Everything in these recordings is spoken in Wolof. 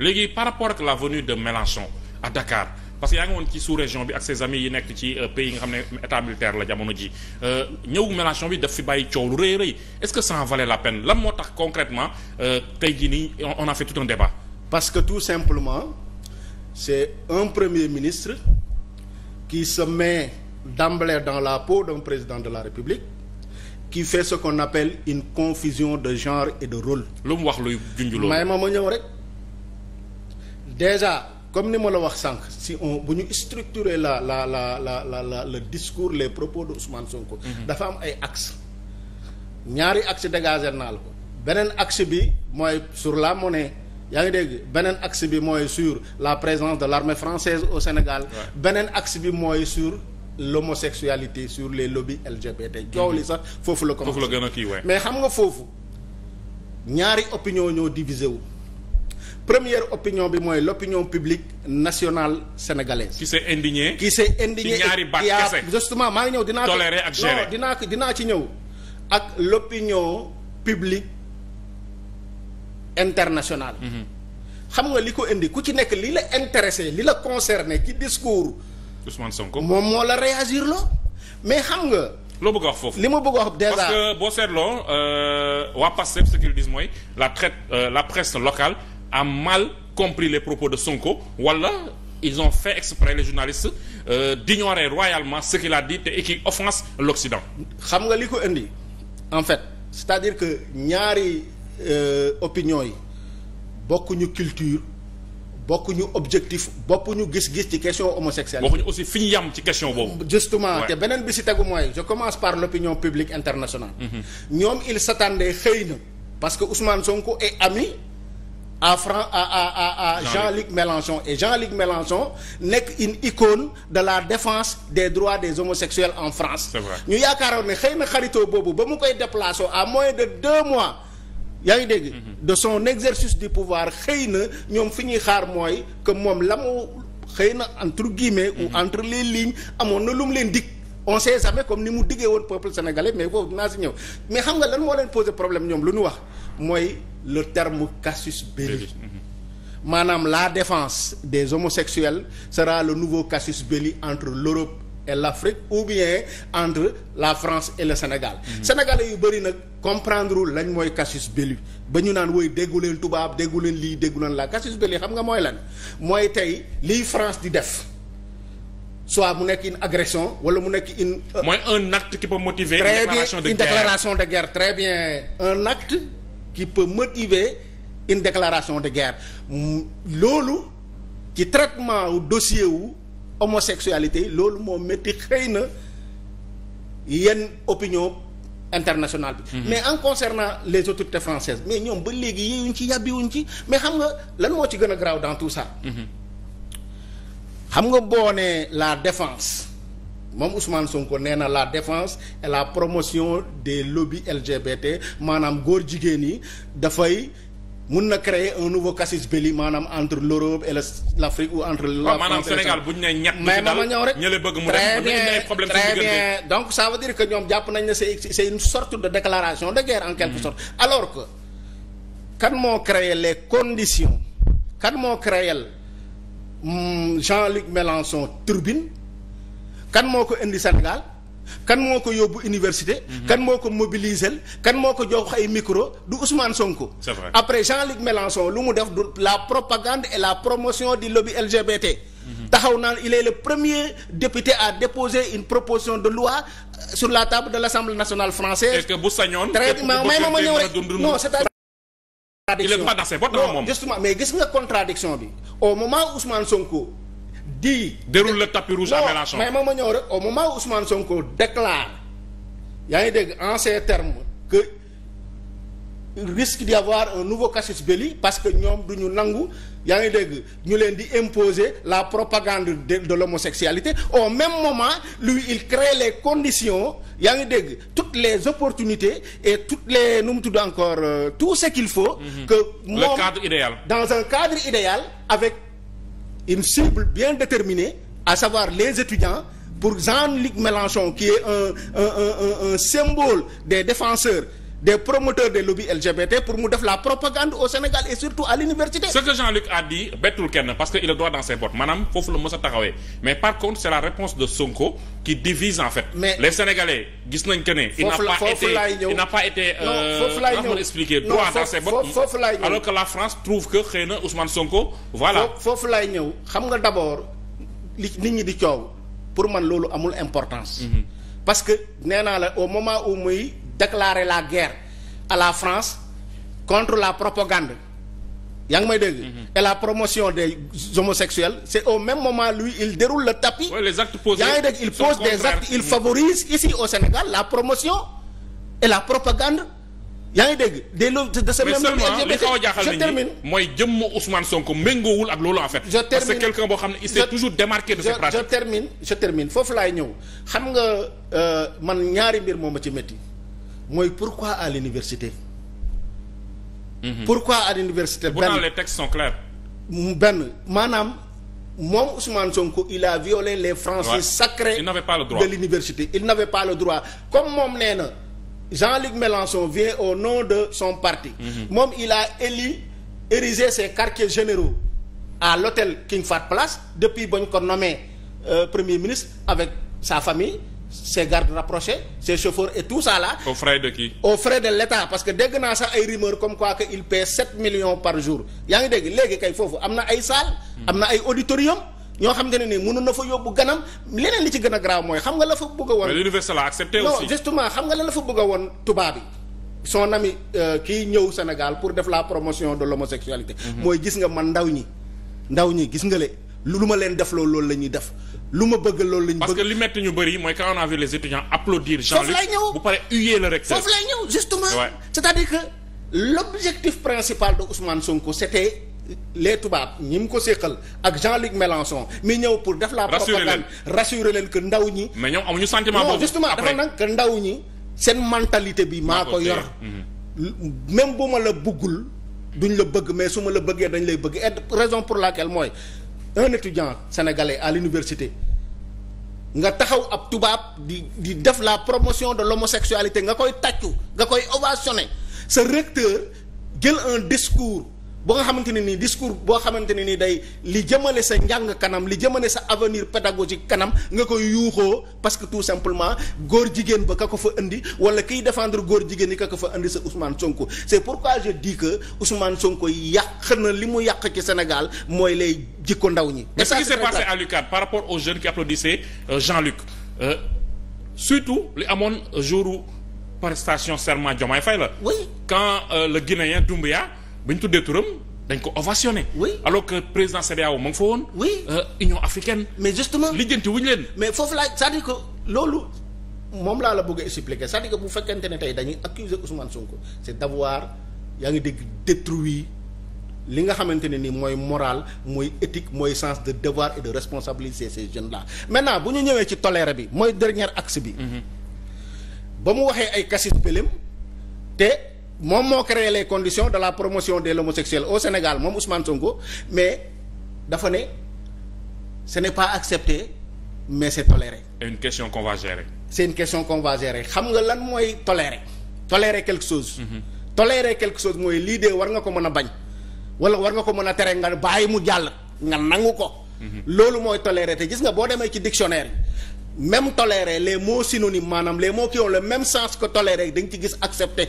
léegi par rapport ak la venue de Mélenchon à Dakar parce que yaa ngi woon ci sous-région bi ak ses amis yi nekk ci euh, pays yi nga xam ne état militaire la jamono ji euh, ñëw Mélenchon bi daf fi bàyyi coow lu rëy rëy est-ce que ça en valait la peine lan moo tax concrètement euh, tey jii nii on a fait tout un débat. parce que tout simplement c'est un premier ministre qui se met d'emblée dans la peau d'un président de la République qui fait ce qu'on appelle une confusion de genre et de rôle. lu mu wax luy junj loolu. may ñëw rek. déjà comme ni ma la wax sànq si on bu ñu structurer la la la la la la le discours les propos de Ousmane ko mhm. dafa am ay axes ñaari axes dégager naa la ko beneen axe bi mooy sur la monnaie yaa ngi dégg beneen axe bi mooy sur la présence de l'armée française au Sénégal. beneen axe bi mooy sur. l'homosexualité sur les lobbies LGBT joow li sax foofu la commencé foofu la gën a kii waay mais xam nga foofu ñaari opinion ñoo divisé wu première opinion bi mooy l'opinion publique nationale sénégalaise. qui s'est indignée. qui s'est indignée ci ñaari baat kese justement maa ngi ñëw dinaa. toléré ak géré non dinaa dinaa ci ñëw. ak l'opinion publique internationale. Mhm. xam nga li ko indi ku ci nekk li la intéressé li la concerné ci discours. Ousmane Sonko moom moo la réagir loo mais xam nga. loo bëgg wax foofu li ma bëgg a wax déjà parce que boo seetloo euh, waa Pastef ce qu'ils disent mooy la traite euh, la presse locale. a mal compris les propos de Sonko wala ils ont fait exprès les journalistes euh, d'ignorer royalement ce qu'il a dit te et qui offense l'Occident xam nga li ko indi en fait c'est-à-dire que ñaari euh, opinion yi bokkuñu culture bokkuñu objectif bokkuñu gis-gis ci question homosexuelle. bokkuñu aussi fi ñu yam ci question boobu. justement te beneen bi si tegu mooy je commence par l'opinion publique internationale. Mhm. ñoom mm -hmm. il s'attendait xëy na parce que Ousmane à Fran à à à Jean-Luc Mélenchon et Jean-Luc Mélenchon nekk une icône de la défense des droits des homosexuels en France. ñu yaakaaroon ne xëy na xarito boobu ba mu koy déplacé à moins de deux mois. yaa ngi dégg. Mhm. de son exercice du pouvoir xëy na ñoom fi ñuy xaar mooy que moom la mu xëy na entre guillemets ou mhm. entre les lignes amoon na lu mu leen dikk. on sait jamais comme ni mu diggee woon peuple sénégalais mais foofu dinaa si ñëw mais xam nga lan moo leen poser problème ñoom lu ñu wax. mooy le terme casus belli mhm. maanaam la défense des homosexuels sera le nouveau casus belli entre l'Europe et l'Afrique ou bien entre la France et le Sénégal mm yu bëri nag comprendre lañ mooy casus belli ba ñu naan woy déggu leen tubaab déggu leen lii déggu leen la casus belli xam nga mooy lan mooy tey lii France di def soit mu nekk une agression wala mu nekk une. Euh, un acte qui motiver. une déclaration de guerre très bien une déclaration de guerre très bien un acte. qui peut motiver une déclaration de guerre loolu ci traitement wu dossier wu homosexualité loolu moo métti xëy na yenn opinion internationale bi mm mais en concernant les autorités françaises mais ñoom ba léegi yéeyuñ ci yàbbiwuñ ci mais xam nga lan moo ci gën a graaw dans tout ça mhm. xam nga boo la défence moom Ousmane Sonko nee na la défense et la promotion des lobbies LGBT maanaam góor jigéen yi dafay mun na créer un nouveau casus belli maanaam entre l'Europe et l'Afrique ou entre la maanaam Sénégal bu ñu nee ñett mais ma ñëw rek ñële bëgg mu def très bien donc ça veut dire que ñoom jàpp nañ ne c'est c'est sorte de déclaration de guerre en quelque mm. sorte alors que kan moo créer les conditions kan moo créer hmm, Jean-Luc Mélenchon turbine kan moo ko indi Sénégal kan moo ko yóbbu université. Mhm. kan moo ko mobiliser kan moo ko jox ay micro du Ousmane Sonko. c'est après Jean-Luc Mélenchon lu mu def du la propagande et la promotion du lobby LGBT. Mhm. taxaw naan il est le premier député à déposer une proposition de loi euh, sur la table de l'Assemblée nationale française. est-ce que bu sañoon. très bien may ma ma moom. justement mais gis nga contradiction bi au moment Ousmane Sonko. di déroule le tapis rouge à Mélenchon. mais moom ma ñëw rek au moment où Ousmane Sonko déclare yaa ngi dégg en ces termes que il risque d'y avoir un nouveau casus belli parce que ñoom du ñu nangu yaa ngi dégg ñu leen di imposer la propagande de de l'homosexualité au même moment lui il crée les conditions yaa ngi dégg toutes les opportunités et toutes les nu encore euh, tout ce qu'il faut. Mm que moom idéal. dans un cadre idéal avec. une cible bien déterminée à savoir les étudiants pour Jean-Luc Mélenchon qui est un un un symbole des défenseurs des promoteurs des lobbies LGBT pour mu def la propagande au Sénégal et surtout à l'université ce que Jean-Luc a dit bettul kenn parce que il a droit dans ses bottes maanaam foofu la mës a taxawee mais par contre c'est la réponse de Sonko qui divise en fait mais les gis nañ que ne il n'a pas été il n'a pas été euh, foofu laay ñëw expliquer droit dans ses bottes foofu laay ñëw alors que la France trouve que na Ousmane Sonko voilà foofu laay ñëw xam nga d'abord li nit ñi di coow pour man loolu amul importance mhm. parce que nee naa la au moment où muy déclarer la guerre à la France contre la propagande yaa ngi may dégg. Mhm. et la promotion des homosexuels c' au même moment lui il déroule le tapis. oui les actes posés yaa ngi dégg il pose des actes il favorise ici au Sénégal la promotion et la propagande yaa ngi dégg. de ce même li xaw a jaaxal nañu mooy jëmm Ousmane Sonko méngoowul ak loolu en fait. je termine boo xam ne il s'est toujours démarqué de ses pratiques. je termine je termine foofu laay ñëw xam nga euh, man ñaari mbir moom ma ci métti. mooy pourquoi à l'université mmh. pourquoi à l'université pourtant les textes sont clairs benn maanaam moom Ousmane Sonko il a violé les Français ouais. sacrés il n'avait pas le droit de l'université il n'avait pas le droit comme moom neena na Jean-Luc Mélenchon vient au nom de son parti mhm. moom il a élu érigé ses quartiers généraux à l'hôtel King fat place depuis ba ñu ko euh, premier ministre avec sa famille ses gardes rapprochés ses chauffeurs et tout ça là. aux frais de qui. aux frais de l'État parce que dégg naa sax ay rumeur comme quoi que il paie 7 millions par jour yaa ngi dégg léegi kay foofu am na ay salle. am na ay auditorium ñoo xam te ne nii mënoon na fa yóbbu ganam leneen li ci gën a grave mooy xam nga la fa bëgg a woon. mais l'université l'a accepté xam nga la la fa bëgg a woon tubaab yi. son ami euh, kii ñëw Sénégal pour def la promotion de l'homosexualité. Mhm. mooy gis nga man ndaw ñi ndaw ñi gis nga le lu ma leen def loolu la ñuy def. lu ma bëgg loolu lañ bëgg parce que li mooy quand on a vu les étudiants applaudir lay ñëw bu paree huer la rek foofu lay ñëw justement c'est-à-dire que l'objectif principal de Ousmane Sonko c'était les tubaab ñi mu ko séqal ak Jean-Luc Mélenchon mi ñëw pour def la propagande rassurer leen que ndaw ñi mais ñoom amuñu sentiment boobu justement dafa nag que ndaw ñi seen mentalité bi maa ko yor mhm. même bu ma la bëggul duñ la bëgg mais su ma la bëggee dañ lay bëgg et raison pour laquelle mooy un étudiant sénégalais à l'université nga taxaw ab tubaab di di def la promotion de l'homosexualité nga koy tàccu nga koy ovationné sa recteur jël un discours boo nga xamante ne nii discours boo xamante ne nii day li jëmale sa njàng kanam li jëmale sa avenir pédagogique kanam nga koy yuuxoo parce que tout simplement góor jigéen ba ka ko fa indi wala kiy défendre góor jigéen yi ka ko fa indi sa Ousmane Sonko c'est pourquoi je dis que Ousmane Sonko yàq na li mu yàq ci Sénégal mooy lay jikko ndaw ñi. mais ce qui s'est passé à l'UCAD par rapport aux jeunes qui applaudissaient euh, Jean-Luc euh, surtout li amoon jouru prestation serment Diomaye Faye la. Euh, le Guinéen Doumbouya. ba ñu tuddee turam dañ ko ovationné. oui alors que président CEDEAO ma nga fa woon. oui euh, Union africaine. mais justement lijjanti wuñ leen. mais foofu laa cest ko loolu moom laa la bëgg a expliquer cest bu fekkente ne tey dañuy accuser Ousmane Sonko c'est d'avoir yaa ngi dégg détruit li nga xamante ne ni mooy morale mooy éthique mooy sens de devoir et de responsabilité ces jeunes là maintenant bu ñu ñëwee ci toléré bi mooy dernier axe bi. Mm-hmm. ba mu waxee ay casus pelem moom moo créé les condition de la promotion des homosexuels au Sénégal moom Ousmane Sonko mais dafa ne ce n'est pas accepté mais c'est toléré. une question qu'on va gérer. c'est une question qu'on va xam nga lan mooy tolérer tolérer quelque chose. Mhm. tolérer quelque chose mooy lii de war nga ko mën a bañ wala war nga ko mën a tere nga bàyyi mu jàll nga nangu ko. Mhm. loolu mooy tolérer te gis nga boo demee ci dictionnaire yi même tolérer les mots synonymes maanaam les mots qui ont le même sens que tolérer dañ ci gis accepter.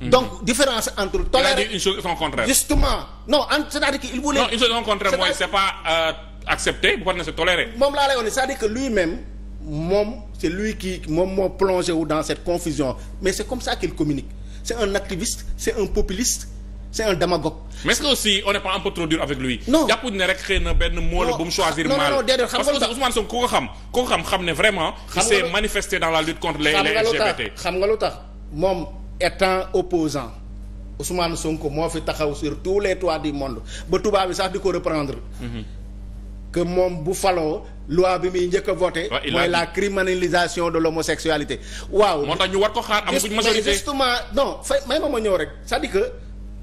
Mhm. donc différence entre tolérer une chose et son contraire justement non c'est-à-dire que il non une chose contraire mooy c'est pas euh, accepté bu war se tolérer moom laa lay wax ne c'est-à-dire que lui-même moom c'est lui qui moom moo plongé wu dans cette confusion mais c'est comme ça qu'il communique c'est un activiste c'est un populiste c'est un démagogue. mais est-ce que aussi on n'est pas un peu trop dur avec lui. non jàppuñu ne rek xëy na benn mot la bu non non non déedéet xam nga parce ne vraiment. xam nga il s'est manifesté xam nga lu tax moom. étant opposant Ousmane Sonko moo fi taxaw sur tous les toits du monde ba tubaab bi sax di ko reprendre. Mm-hmm. que moom bu faloo loi bi muy njëkk a voté. mooy la criminalisation de l'homosexualité waaw moo tax ñu war ko xaar amaguñ majorité justement non fay may ma ma ñëw rek cest à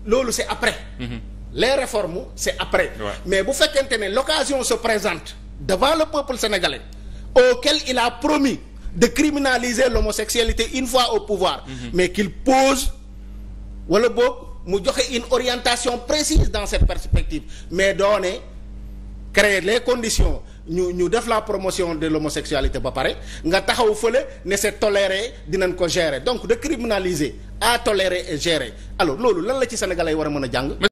loolu c'est après. Mm-hmm. les réformes c'est après. mais bu fekkente ne l'occasion se présente devant le peuple sénégalais auquel il a promis. de criminaliser l'homosexualité une fois au pouvoir mhm. mais qu'il pose wala boog mu joxe une orientation précise dans cette perspective mais doone créer les conditions ñu ñu def la promotion de l'homosexualité ba pare nga taxaw fële ne c'est toléré dinañ ko gérer donc de criminaliser à tolérer et gérer alors loolu lan la ci sénégalais war a mën a jàng